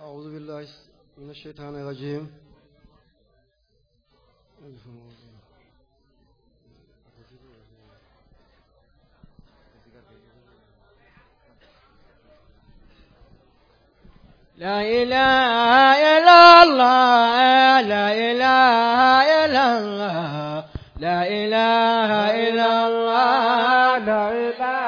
أعوذ بالله من الشيطان الرجيم لا إله إلا الله لا إله إلا الله لا إله إلا الله لا إله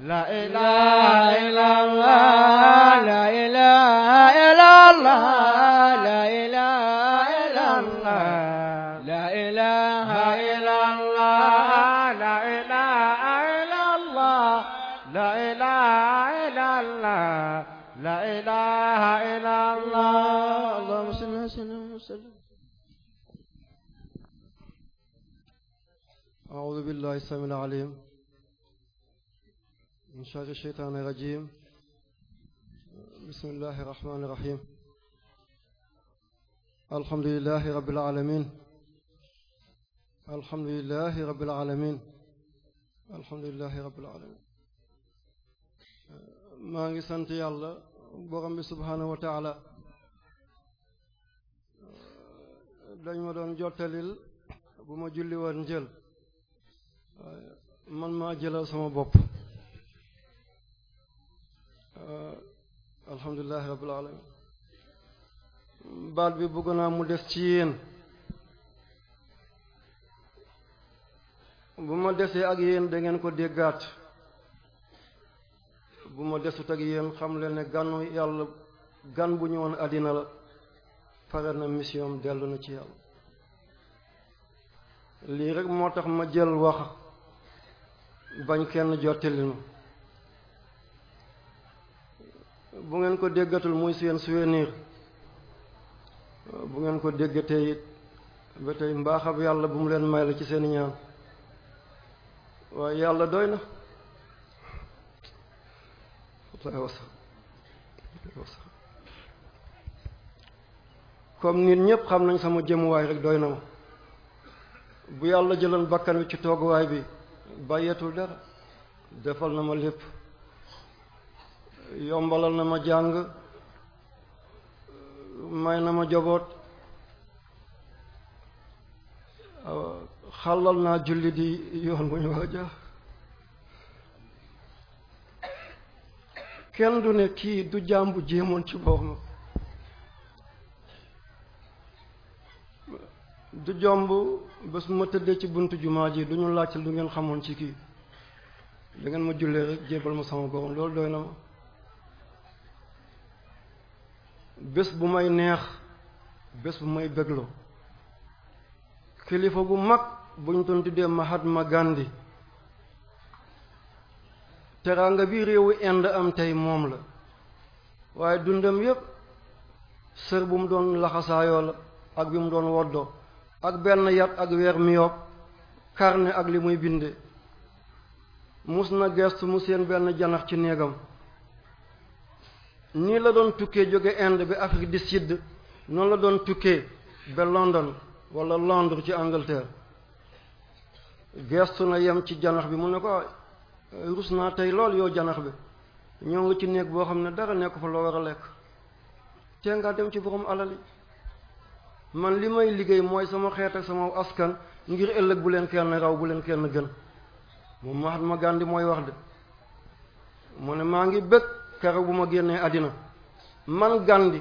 لا إله إلا الله لا إله إلا الله لا إله إلا الله لا إله إلا الله لا إله إلا الله لا إله إلا الله لا إله إلا الله اللهم صل وسلم وسلم أعوذ بالله السميع العليم min sharri shaytaani rajiim bismillahi rahmaani rahiim alhamdulillahi rabbil aalamiin alhamdulillahi rabbil aalamiin alhamdulillahi rabbil aalamiin maa ngi sant yàlla borom bi subhaanahu wa taala dañ ma doon jottalil bu ma julli woon njël man maa jëlal sama bopp Euh, alhamdulillahi rabbil alamin baat bi bëgg naa mu des ci yéen bu ma desee ak yéen dangeen ko déggaat bu ma desut ak yéen xam ne ganu yàlla gan bu ñëwoon àddina la pare na mission dellu na ci yàlla lii rek moo tax ma jël wax bañ kenn jottali bu ngeen ko déggatul muy seen souvenir bu ngeen ko déggatee it ba tey mbaaxab yàlla bu mu leen may la ci seen ñaan waaye yàlla doy na wallaahi wasa comme nit ñépp xam nañ sama jëmuwaay rek doy na ma bu yàlla jëloon bakkan wi ci tooguwaay bi bàyyeetul dara defal na ma lépp yombalal na ma jàng may na ma joboot xàllal naa julli di yoon bu ñu war jaar kenn du ne kii du jaam bu jéemoon ci borom du jomb bés ma tëddee ci buntu jumaa ji du ñu laajte lu ngeen xamoon ci kii da ma jullee rek jébal ma sama borom loolu doy na ma bés bu may neex bés bu may bégloo kilifa gu mag bu ñu doon tuddee Mahatma Gandhi teraanga bi réewu Inde am tey moom la waaye dundam yépp sër bu mu doon laxasaayoo la ak bi mu doon woddoo ak benn yat ak weer mi yoog karne ak li muy binde mus na gestu mu seen benn janax ci néegam nii la doon tukkee jóge Inde bi Afrique di sidd noonu la doon tukkee ba London wala Londres ci Angleterre gestu na yem ci janax bi mu ne ko rus naa tey lool yow janax bi ñoo ngi ci néeg boo xam ne dara nekk fa loo war a lekk tee ngaa dem ci borom alal yi man li may liggéey mooy sama xeet ak sama askan ngir ëllëg bu leen kenn raw bu leen kenn gën ma Mahatma Gandhi mooy wax de mu ne maa ngi bëgg keroog bu ma génnee àddina man Gandhi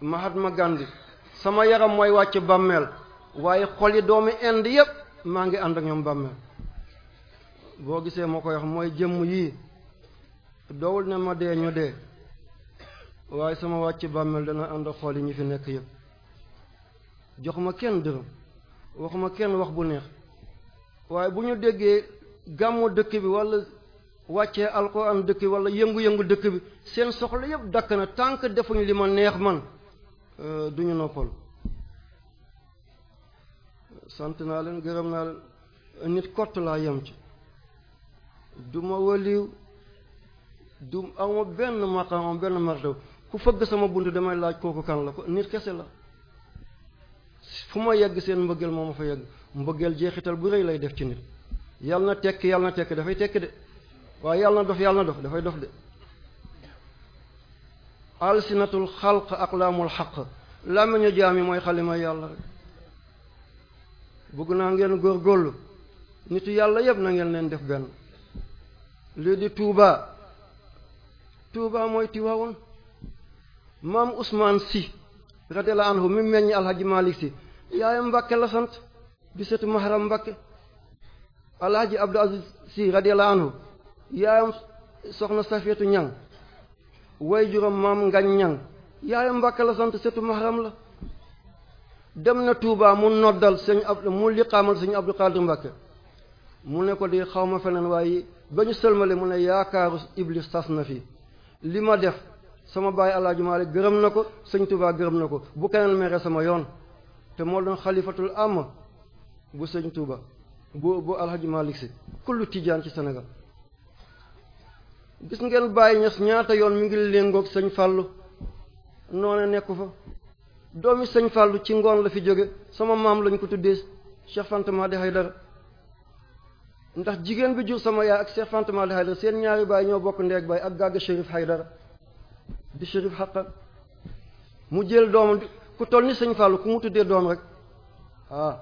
ma Gandhi sama yaram mooy wàcc bàmmeel waaye xoli doomi Inde yépp maa ngi ànd ak ñoom bàmmeel boo gisee moo koy yax mooy jëmm yii doowul ne ma dee ñu dee waaye sama wàcc bàmmeel dana ànd ak xol yi ñu fi nekk yépp jox ma kenn dërëm waxuma kenn wax bu neex waaye bu ñu déggee gàmmu dëkk bi walla wàccee alxuraan dëkk bi wala yëngu-yëngu dëkk bi seen soxla yëpp dakk na tànk defuñu li ma neex man euh, du ñu noppal sant naa leen gërëm naa leen nit kott laa yem ci du ma waliw du ama benn maqaama benn martaw ku fëgg sama bunt damay laaj kooku kan la ko nit kese la fu ma yegg seen mbëggeel moo ma fa yegg mbëggeel jeexital bu rëy lay def ci nit yàlla na tekk yàlla na tekk dafay tekk de waaye yàlla na dof yàlla na dof dafay dof de alsinatul xalq aqlaamul xaq làmmiñu jaam yi mooy xalima yàlla rek bëgg naa ngeen góor góorlu nitu yàlla yëpp na ngeen leen def benn lii di Touba Touba mooy Tiwaawoon maam si Sy radiyallahu anhu mi meññ Alhaji Malick Sy yaayam Mbàkke la di setu Maharam Mbàkke Alhaji Abdou Aziz Sy radiyallahu anhu yaayam soxna safiyatu ñang way juróom maam ngañ ñang yaayam mbàkka la sant setu mahram la dem na Touba mu noddal sëñ ab mu liqaamal sëñ Abdou Qadir Mbàkke mu ne ko di xaw ma feneen waaye ba ñu sëlmale mu ne yaakaaru iblis sas na fi li ma def sama baay Alaaji Maalik gërëm na ko sëñ Touba gërëm na ko bu keneen mere sama yoon te moo doon xalifatul am bu sëñ Touba bu bu Alaaji Maalik si kullu tijaan ci senegal gis ngeen bàyyi ñas ñaata yoon mi ngi léngoog sëñ fàllu noone nekku fa doom doomi sëñ fàllu ci ngoon la fi jóge sama maam lañ ko tuddee Cheikh Fanta Madi Haydara ndax jigéen bi jur sama yaay ak Cheikh Fanta Madi Haydara seen ñaari baay ñoo bokk ndeeg baay ak gàgga Chérif Haydara di Chérif xaqa mu jël doomam ku toll ni sëñ fàllu ku mu tuddee doom rek ah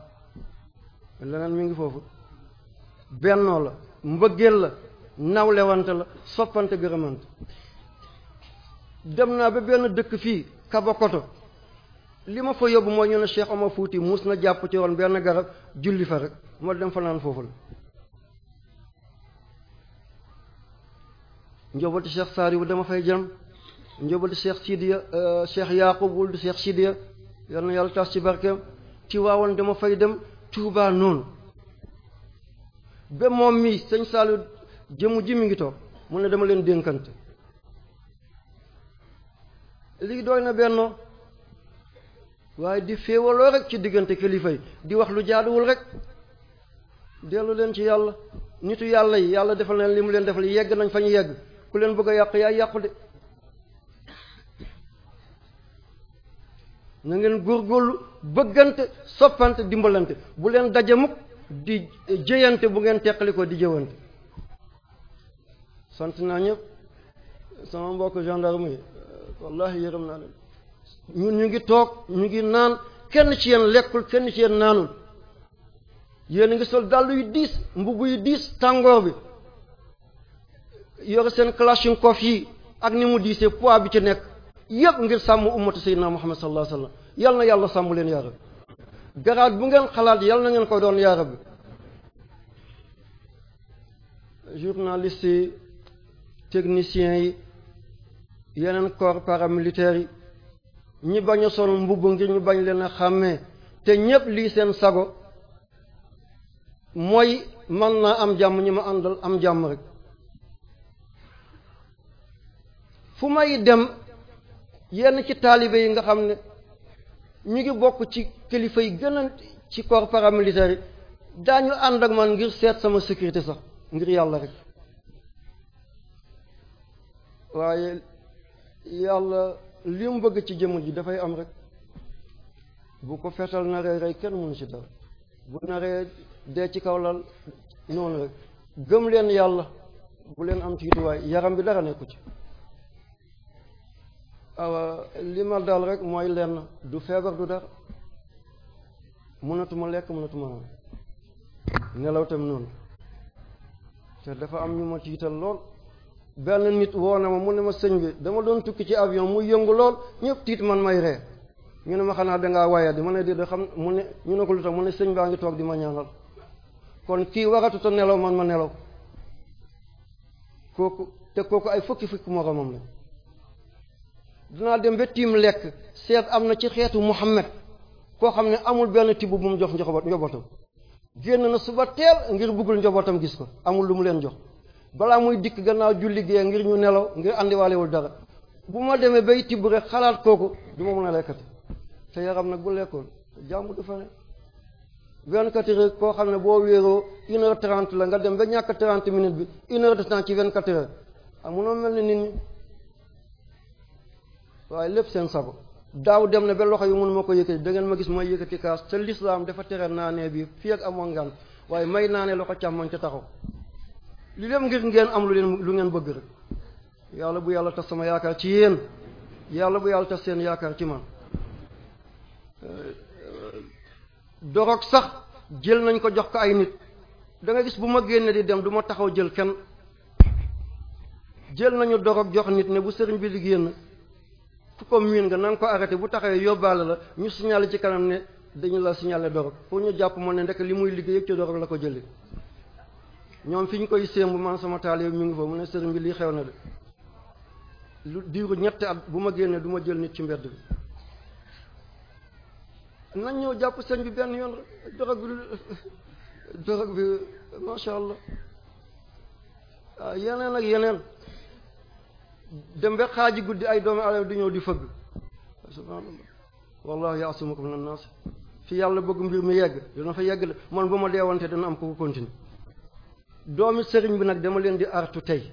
leneen mi ngi foofu bennoo la mbëggeel la nawlewante la soppante gërëmante dem naa ba benn dëkk fii Kabakoto li ma fa yóbbu mooy ñu ne Cheikh Omar Fouti mus na jàpp ci ron benn garab julli fa rek moo dem fa naan foofu la njobati Cheikh Saaribu dama fay jëm njobati Cheikh Sidiya euh, Cheikh Yaqub wul du Cheikh Sidiya yal na yàlla taas ci barkeem ci waawoon dama fay dem Touba noonu ba moom mi sëñ Saalu jëmm ji mi ngi toog mu ne dama leen dénkante lii doy na benn waaye di féewaloo rek ci diggante kilifa yi di wax lu jaaduwul rek dellu leen ci yàlla ñutu yàlla yi yàlla defal na li mu leen defal yegg nañ fa ñu yegg ku leen bëgg a yàq yaa yàqu de na ngeen góorgóorlu bëggante soppante dimbalante bu leen daje mukk di jëyante bu ngeen teqali ko di jëwante sant naa ñëpp sama ko gendarme yi wallahi yërëm naa leen ñun ñu ngi toog ñu ngi naan kenn ci yenn lekkul kenn ci yéen naanul yéen ngi sol dàll yu diis mbubb yu diis tàngoor bi yore seen kalashnikov yi ak ni mu diisee poids bi ci nekk yëpp ngir sàmm ummatu sayyidina Muhammad sallallahu alayhi wa sallam yal na yàlla sàmm leen yaa rabbi garaat bu ngeen xalaat yal na ngeen ko doon yaa rabbi techniciens yi yeneen corps paramilitaires yi ñi bañ a sol mbubb ngir ñu bañ leen a xàmmee te ñépp lii seen sago mooy mën naa am jàmm ñi ma àndal am jàmm rek fu may dem yenn ci taalibe yi nga xam ne ñu ngi bokk ci kilifa yi gën ci corps paramilitaire yi daañu ànd ak man ngir seet sama sécurité sax ngir yàlla rek waaye yàlla li bëgg ci jëmm ji dafay am rek bu ko fetal naree rey kenn mënu ci dara bu naree dee ci kaw lal noonu rek gëm leen yàlla bu leen am tiituwaay yaram bi dara nekku ci awa daal rek mooy lenn du feebar du dara mënatuma lekk mënatuma nelaw tam noonu te dafa am ñu ma tiital lool benn nit woo na ma mu ne ma sëñ bi dama doon tukki ci avion mu yëngu lool ñëpp tiit man may ree ñu ne ma xanaa dangaa waaye di ma ne di xam mu ne ñu ne ko lu tax mu ne sëñ baa ngi toog di ma ñaanal kon kii waratuta nelaw man ma nelaw kooku te kooku ay fukki fukki moromam la dinaa dem ba tiim lekk seet am na ci xeetu Muhammad koo xam ne amul benn tibb bu mu jox njoboot njobootam génn na suba teel ngir buggul njobootam gis ko amul lu mu leen jox balaa muy dikk gannaaw julli gee ngir ñu nelaw ngir andiwaalewul dara bu ma demee bay tibb rek xalaat kooku du ma mën a lekkati te yaram nag bu lekkoon jàmm du fane vingt-quatre heures koo xam ne boo wéeroo une heure la nga dem ba ñàkk trente minutes bi une heure de temps ci vingt-quatre heures amunoo mel ni nit ñi waaye lépp seen sago daaw dem na ba loxo yi mun ma ko yëkkati da ngeen ma gis may yëkkati kaas te lislaam dafa tere naanee bi fii ak amoo ngaan waaye may naanee loxo càmmoñ te taxaw li lépp ngir ngeen am lu leen lu ngeen bëgg rek yàlla bu yàlla tas sama yaakaar ci yéen yàlla bu yàlla tas seen yaakaar ci man euh, dorog sax jël nañ ko jox ko ay nit da gis bu ma génne di dem du ma taxaw jël kenn jël nañu dorog jox nit ne bu sëriñ bi di génn fu ko miin nga na nga ko arrêté bu taxawee yóbbaale la ñu signalé ci kanam ne dañu la signalé dorog pour ñu jàpp ma ne ndek li muy liggéey yëg ci dorog la ko jële ñoom fi ñu koy sémb man sama taal yow mi ngi fa mu ne sëriñ bi lii xew na de lu diiru ñetti at bu ma génnee du ma jël nit ci mbedd bi nañ ñëw jàpp sëñ bi benn yoon dorog bi dorog bi macha allah ah, yeneen ak yeneen dem ba xaaji guddi ay doomi aadama di ñëw di fëgg subhaanallah wallahu yaasumukum min annaas fi yàlla bëgg mbir mi yegg dina fa yegg de man bu ma deewante dana am ko ko continue doomi sëriñ bi nag dama leen di artu tey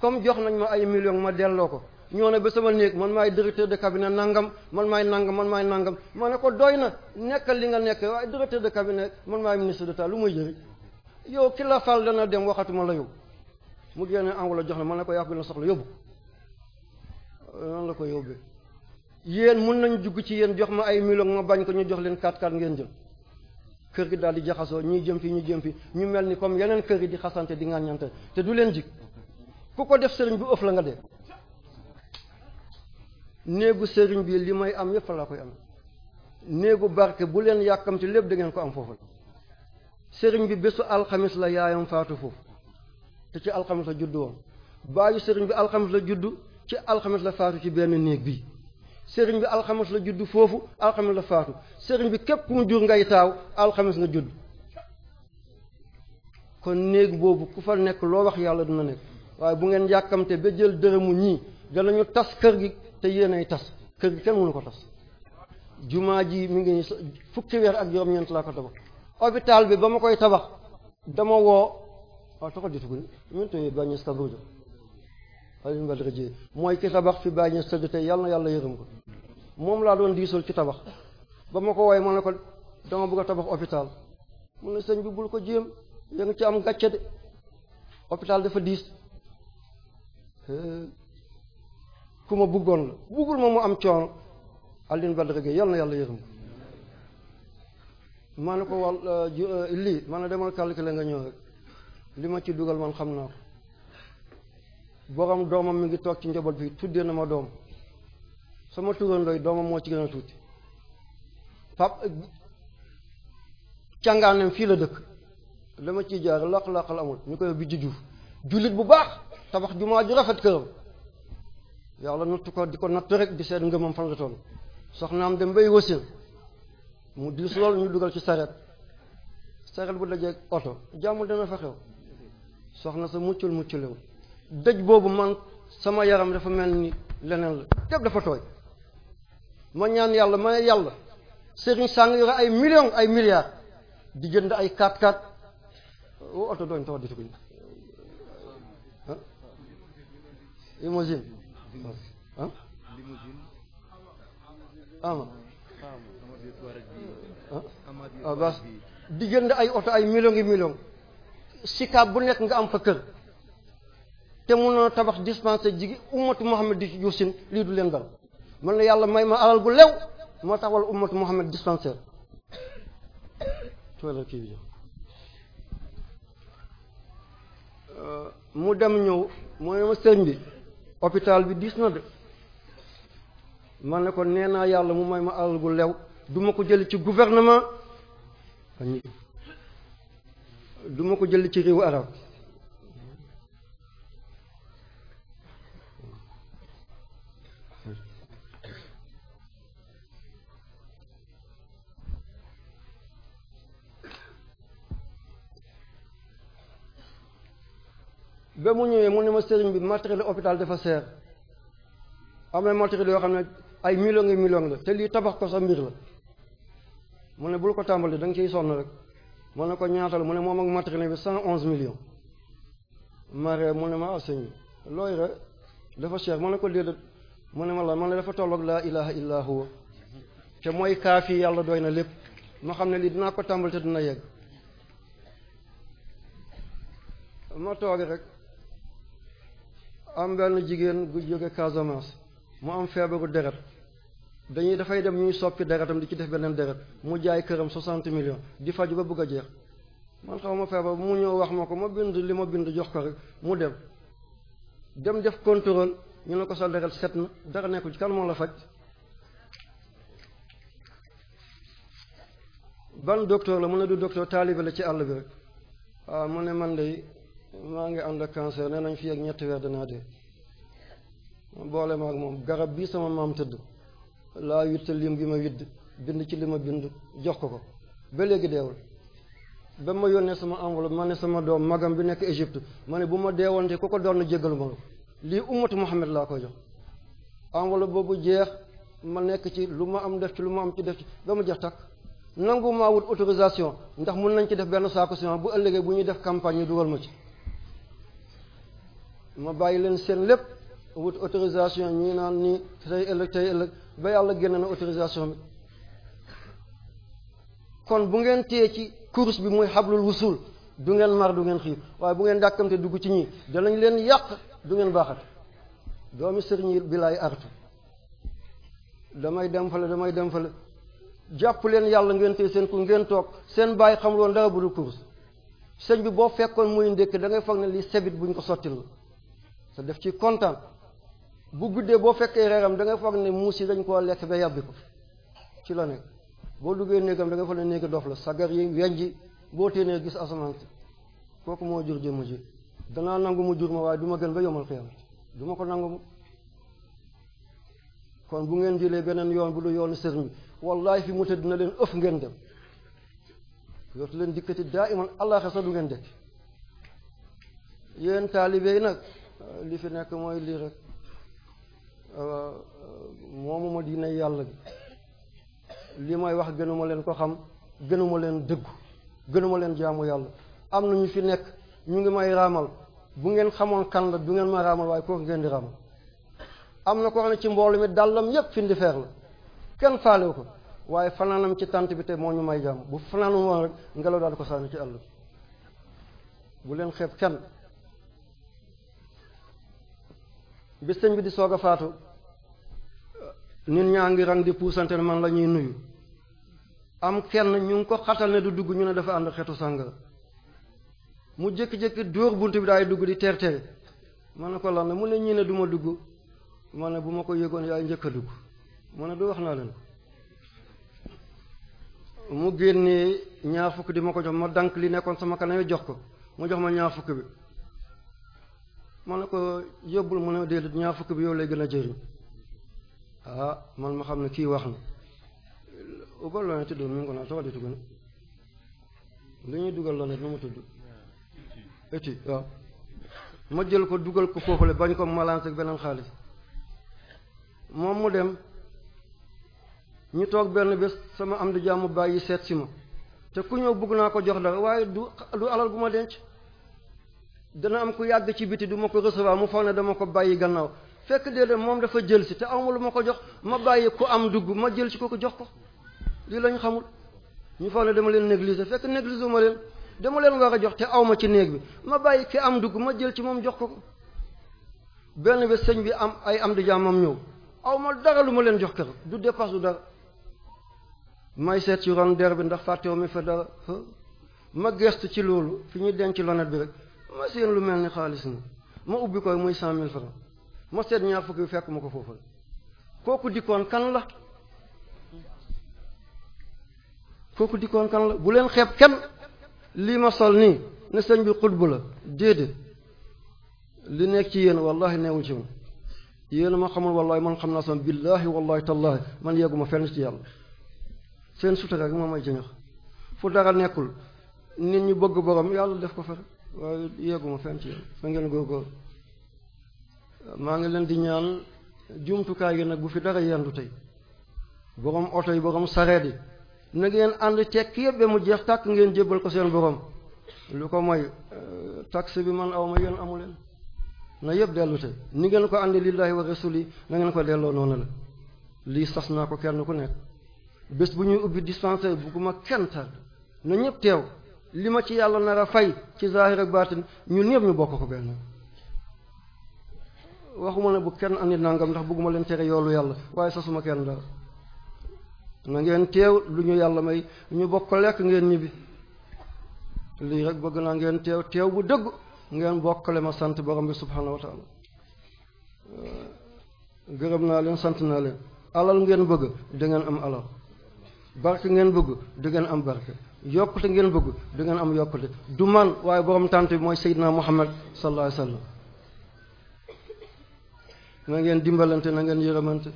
comme jox nañ ma ay millions ma delloo ko ñoo ne ba sama néeg man maay directeur de cabinet nangam man maay nangam man maay nangam ma ne ko doy na nekkal li nga nekk waaye directeur de cabinet man maay ministre d'État lu muy jëriñ yow ki la fal dana dem waxatuma la yow mu génne envoi la jox na man ne ko yaa ko gën soxla yóbbu noonu la ko yóbbee yéen mun nañ jugg ci yéen jox ma ay millions ma bañ ko ñu jox leen 4-4 ngeen jël. kër gi daal di jaxasoo ñuy jëm fi ñuy jëm fi ñu mel ni comme yeneen kër yi di xasante di ŋàññante te du leen jig ku ko def sëriñ bi ëf la nga dee néegu sëriñ bi li may am yëpp laa koy am néegu barke bu leen yàkkamti lépp da ngeen ko am foofu sëriñ bi bésu alxamis la yaayam faatu foofu te ci alxamis la juddu woon baayu sëriñ bi alxamis la juddu ci alxamis la faatu ci benn néeg bi sëriñ bi alxames la judd foofu alxames la faatu sëriñ bi képp ku mu jur ngay taaw alxames nga judd kon néeg boobu ku fa nekk loo wax yàlla dina nekk waaye bu ngeen yàkkamte ba jël dërëmu ñii danañu tas kër gi te yéenay tas kër gi kenn mënu ko tas jumaa ji mu ngi fukk fukki weer ak juróom-ñeent laa ko tabax hôpital bi ba ma koy tabax dama woo waaw taxal jotuguñ ñun tey bañes kaburjo xalim bal rëjee mooy ki tabax fi bàyyi ñes tëdd tey yàlla na yàlla yërëm ko moom laa doon diisal ci tabax ba ma ko wooye ma ne ko dama bëgg a tabax hôpital mu ne sëñ bi bul ko jéem yaa ci am gàcce de hôpital dafa diis ku ma bëggoon la bëggul ma mu am coono Alioune Badara Gueye yal na yàlla yërëm maa ne ko wal euh, euh, lii maa ne demal calculer nga ñëw li ma ci dugal man xam naa ko borom doomam mi ngi toog ci njaboot bi tuddee na ma doom sama turandooy doomam moo ci gën a tuuti pap càngaanem fii la dëkk dama ciy jaar laq-laqal amul ñu koy bi juuf jullit bu baax tabax jumaa ju rafet këram yàlla nattu ko di ko natt rek di seet ngëmam fan la toll soxnaam dem bay wasin mu diis lool ñu dugal ci saret saret bu dajee oto jàmm dana fa xew soxna sa muccul mucculew dëj boobu man sama yaram dafa mel ni leneen la lépp dafa tooy ma ñaan yàlla ma yàlla sëriñ sàng yore ay millions ay milliards di jënd ay 4x4 woo dooñ tawa dituguñ limousine ah ama di jënd ay oto ay millions yi millions si bu nekk nga am fa kër te mënoo tabax dispensaire jigi ummatu Muhammad di ci juusin lii du leen dal man la yàlla may ma alal gu lew moo taxawal ummatu Muhammad dispensaire mu dem ñëw mooy ma sëñ bi hôpital bi diis na de man ne ko nee naa yàlla mu may ma alal gu lew du ma ko jël ci gouvernement du ma ko jëli ci réewu arab ba mu ñëwee mu ne ma sëriñ bi matériel hôpital dafa seer am na matériel yoo xam ne ay millions ngi millions la te lii tabax ko sa mbir la mu ne bul ko tàmbali da nga ciy sonn rek mu ne ko ñaatal mu ne moom ak matériel bi cent onze millions ma mu ne ma ah sëñ looy re dafa cher mu ne ko déedéet mu ne ma la ma ne dafa tolloog laa ilaha illa huwa te mooy kaafi yàlla doy na lépp ma xam ne lii dinaa ko tàmbali te dina yegg ma toog rek am benn jigéen gu jóge Casamance mu am feebaru deret dañuy dafay dem ñuy soppi deretam di ci def beneen deret mu jaay këram 60 millions di faju ba bëgg a jeex man xaw ma feebar mu ñëw wax ma ko ma bind li ma bind jox ko rek mu dem dem def contrôle ñu ne ko sa deret set na dara nekkul ci kan moo la faj ban docteur la mu ne du docteur taalibe la ci àll bi rek waaw mu ne man de maa ngi ànd ak cancer nee nañ fii ak ñetti weer de dee boole maag moom garab bii sama maam tëdd laa witt lim bi ma witt bind ci li ma bind jox ko ko ba léegi deewul ba ma yónnee sama enveloppe ma ne sama doom magam bi nekk Égypte ma ne bu ma deewante ku ko doon jéggal ma ko lii ummatu Muhammad laa koy jox enveloppe boobu jeex ma nekk ci lu ma am def ci lu ma am ci def ci ba mu jeex takk nangu maa wut autorisation ndax mun nañ ci def benn saako ciment bu ëllëgee bu campagne ñu ma ci ma bàyyi leen seen lépp wut autorisation ñi naan nii tey ëllëg tey ëllëg ba yàlla génn na autorisation bi kon bu ngeen téye ci course bi muy xablul wusul du ngeen mar du ngeen xiir waaye bu ngeen dàkkamte dugg ci ñii danañ leen yàq du ngeen baaxat doomi sëriñ bi laay artu damay dem fale damay dem fale jàpp leen yàlla ngeen téye seen ku ngeen toog seen bàyyi xamuloon dara bu dul course sëñ bi boo fekkoon muy ndékk da ngay foog ne lii sebit buñ ko sottil te def ci kontaan bu guddee boo fekkee reeram dangay nga foog ne muus yi dañ koo lekk ba yàbbi ko ci la nekk boo duggee néegam da nga foog ne néegi la sagar yi weñ ji boo téenee gis asamaan si kooku moo jur jëmm ji danaa nangu mu jur ma waaye du ma gën ba yomal xiyam du ma ko nangu kon bu ngeen jëlee beneen yoon bu du yoonu sëriñ bi wallahi fi mu tëdd na leen ëf ngeen dem yootu leen dikkati daa iman allah xesa du ngeen dekk yéen taalibe nag li fi nekk mooy lii rek moomu ma diine yàlla gi li may wax gënuma leen ko xam gënuma leen dëggu gënuma leen jaamu yàlla am na ñu fi nekk ñu ngi may raamal bu ngeen xamoon kan la du ngeen ma raamal waaye ko ngeen di raamal am na ko xam ne ci mboolu mi dàllam yépp fi ndi feer la kenn faalewu ko waaye fanaanam ci tànt bi te moo ñu may jàmm bu fanaanam rek ngelaw daal ko sànni ci àll bu leen xeeb kenn bi sëñ bi di soog a faatu nit ñaa ngi rang di puusante ne man la ñuy nuyu am kenn ñu ngi ko xatal ne du dugg ñu ne dafa ànd xetu sàngara mu jékki-jékki dóor bunt bi daay dugg di teer teer ma ne ko lan la mu ne ñii ne du ma dugg ma ne bu ma ko yëgoon yaay njëkk a dugg mu ne du wax naa leen ko mu génnee ñaar fukk di ma ko jox ma dank li nekkoon sama kanam jox ko mu jox ma ñaar fukk bi man na ko yóbbul mu ne déedéet ñaar fukk bi yow lay gën a jëriñ ah man ma xam ne kii wax na ubal lonet tudd mi ngi ñuy dugal lonet nu mu tudd ma jël ko dugal ko foofule bañ ko malance ak beneen xaalis moom mu dem ñu toog benn bés sama am di jàmm bàyyi seet si ma te ku ñëw bugg naa ko jox dara waaye du du alal bu ma denc dana am ku yàgg ci biti du ma ko recevoir mu foog ne dama ko bàyyi gannaaw fekk déedéet moom dafa jël si te amul lu ma ko jox ma bàyyi ku am dugg ma jël si ko ko jox ko lii lañ xamul ñu foog dama leen négliger fekk négliger ma leen dama leen war a jox te awma ci néeg bi ma bàyyi ki am dugg ma jël ci moom jox ko ko benn bi sëñ bi am ay am di jaamam ñëw awma dara lu ma leen jox kër du dépasse du dara may seet ci ron der bi ndax fàttewu mi fa dara ma gestu ci loolu fi ñuy denc lonet bi rek ma seen lu mel ni xaalis ni ma ubbi koy muy cent mille francs ma seet ñaar fukki fekk ma ko foofu la kooku dikkoon kan la kooku dikkoon kan la bu leen xeeb kenn lii ma sol nii ne sëñ bi xutbu la déedéet li nekk ci yéen wallahi neewul ci moom yéen ma xamul wallahi man xam naa sama billahi wallahi tallahi man yegguma fenn ci yàlla seen sutura gi moom ay jëñax fu dara nekkul nit ñi bëgg borom yàlla def ko fere waaye yegguma fenn ci fa ngeen góorgóor maa ngi leen di ñaan jumtukaay yi nag bu fi dara yendu tey borom oto yi borom sareet yi na ngeen ànd tekk yëpp ba mu jeex tàkk ngeen jébbal ko seen borom lu ko mooy euh, taxe bi man aw ma yéen amu leen na yëpp dellu tey ni ngeen ko àndi lillahi wa rasuli nangeen ko delloo noonu la lii sas naa ko kenn ku nekk bés bu ñuy ubbi dispensaire bu ko ma kenn tàdd na ñëpp teew li ma ci yàlla nar a fay ci zahir ak baatin ñun ñëpp ñu bokk ko benn waxuma ne bu kenn ni nangam ndax bëgguma leen tere yoolu yàlla waaye sasuma kenn daal na ngeen teew lu ñu yàlla may ñu bokk lekk ngeen ñibbi lii rek bëgg naa ngeen teew teew bu dëgg ngeen bokkale ma sant borom bi subhaanahu wa taala gërëm naa leen sant naa leen alal ngeen bëgg dangeen am alal barke ngeen bëgg da ngeen am barke yokkute ngeen bëgg du ngeen am yokkute du man waaye borom tànt bi mooy Seydina Muhammad sallallahu alayhi wa ngeen dimbalante na ngeen yërëmante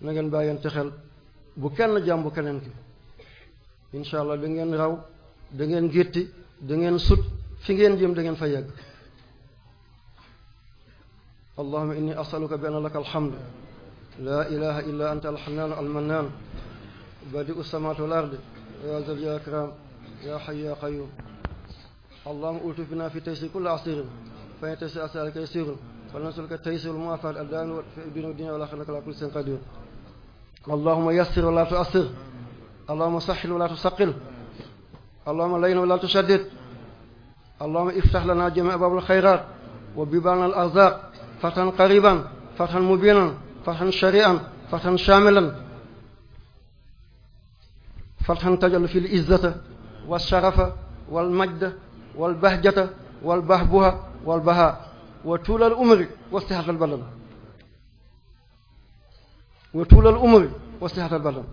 na ngeen bàyyante xel bu kenn jàmb keneen ki incha allah da ngeen raw da ngeen gétti da ngeen sut fi ngeen jëm dangeen fa yegg allahuma inni asaluka bi anna laka alhamdu laa ilaha illa anta alxanaan almanaan badiu samaatu wal يا ذل يا كرام يا حي يا قيوم اللهم ألطفنا في تيسير كل عسير فإن تيسير أسألك يسير ولنسألك التيسير والمعافاة الدائم في الدين والدين والآخرة على كل شيء قدير اللهم يسر ولا تؤسر اللهم سهل ولا تسقل اللهم لين ولا تشدد اللهم افتح لنا جميع باب الخيرات وبيبان الأرزاق فتحا قريبا فتحا مبينا فتحا شريعا فتحا شاملا fathan tajal fi l izzata walsharafa walmajda walbahjata walbahbuha walbaha wa tuulal umri wastihatal badan wa tuulal umri wastihatal badan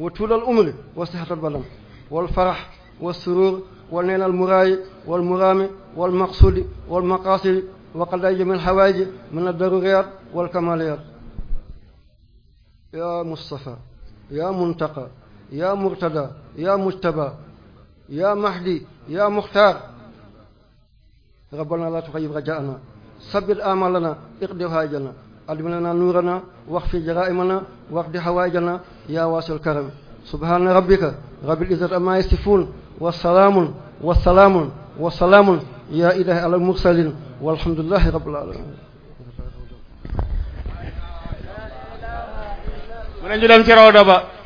wa tuulal umri wastihatal badan walfarax walsurur والنيل المراي والمرام والمقصود والمقاصد وقد أجل من الحوائج من الضروريات والكماليات يا مصطفى يا منتقى yaa murtada yaa mujtaba yaa mahdi yaa muxtaar rabbana laa tuxayyib rajaana sabbit amalana iqdir haajana admina naa nuurana wax fi jaraa'imana wax di hawaajana yaa waasil karam subhaana rabbika rabbil izzati ammaa yasifuun wa salaamun wa salaamun wa salaamun yaa ilaahi alal mursaliin walhamdulillahi rabbil aalamiin mu ne ñu dem ci rawda ba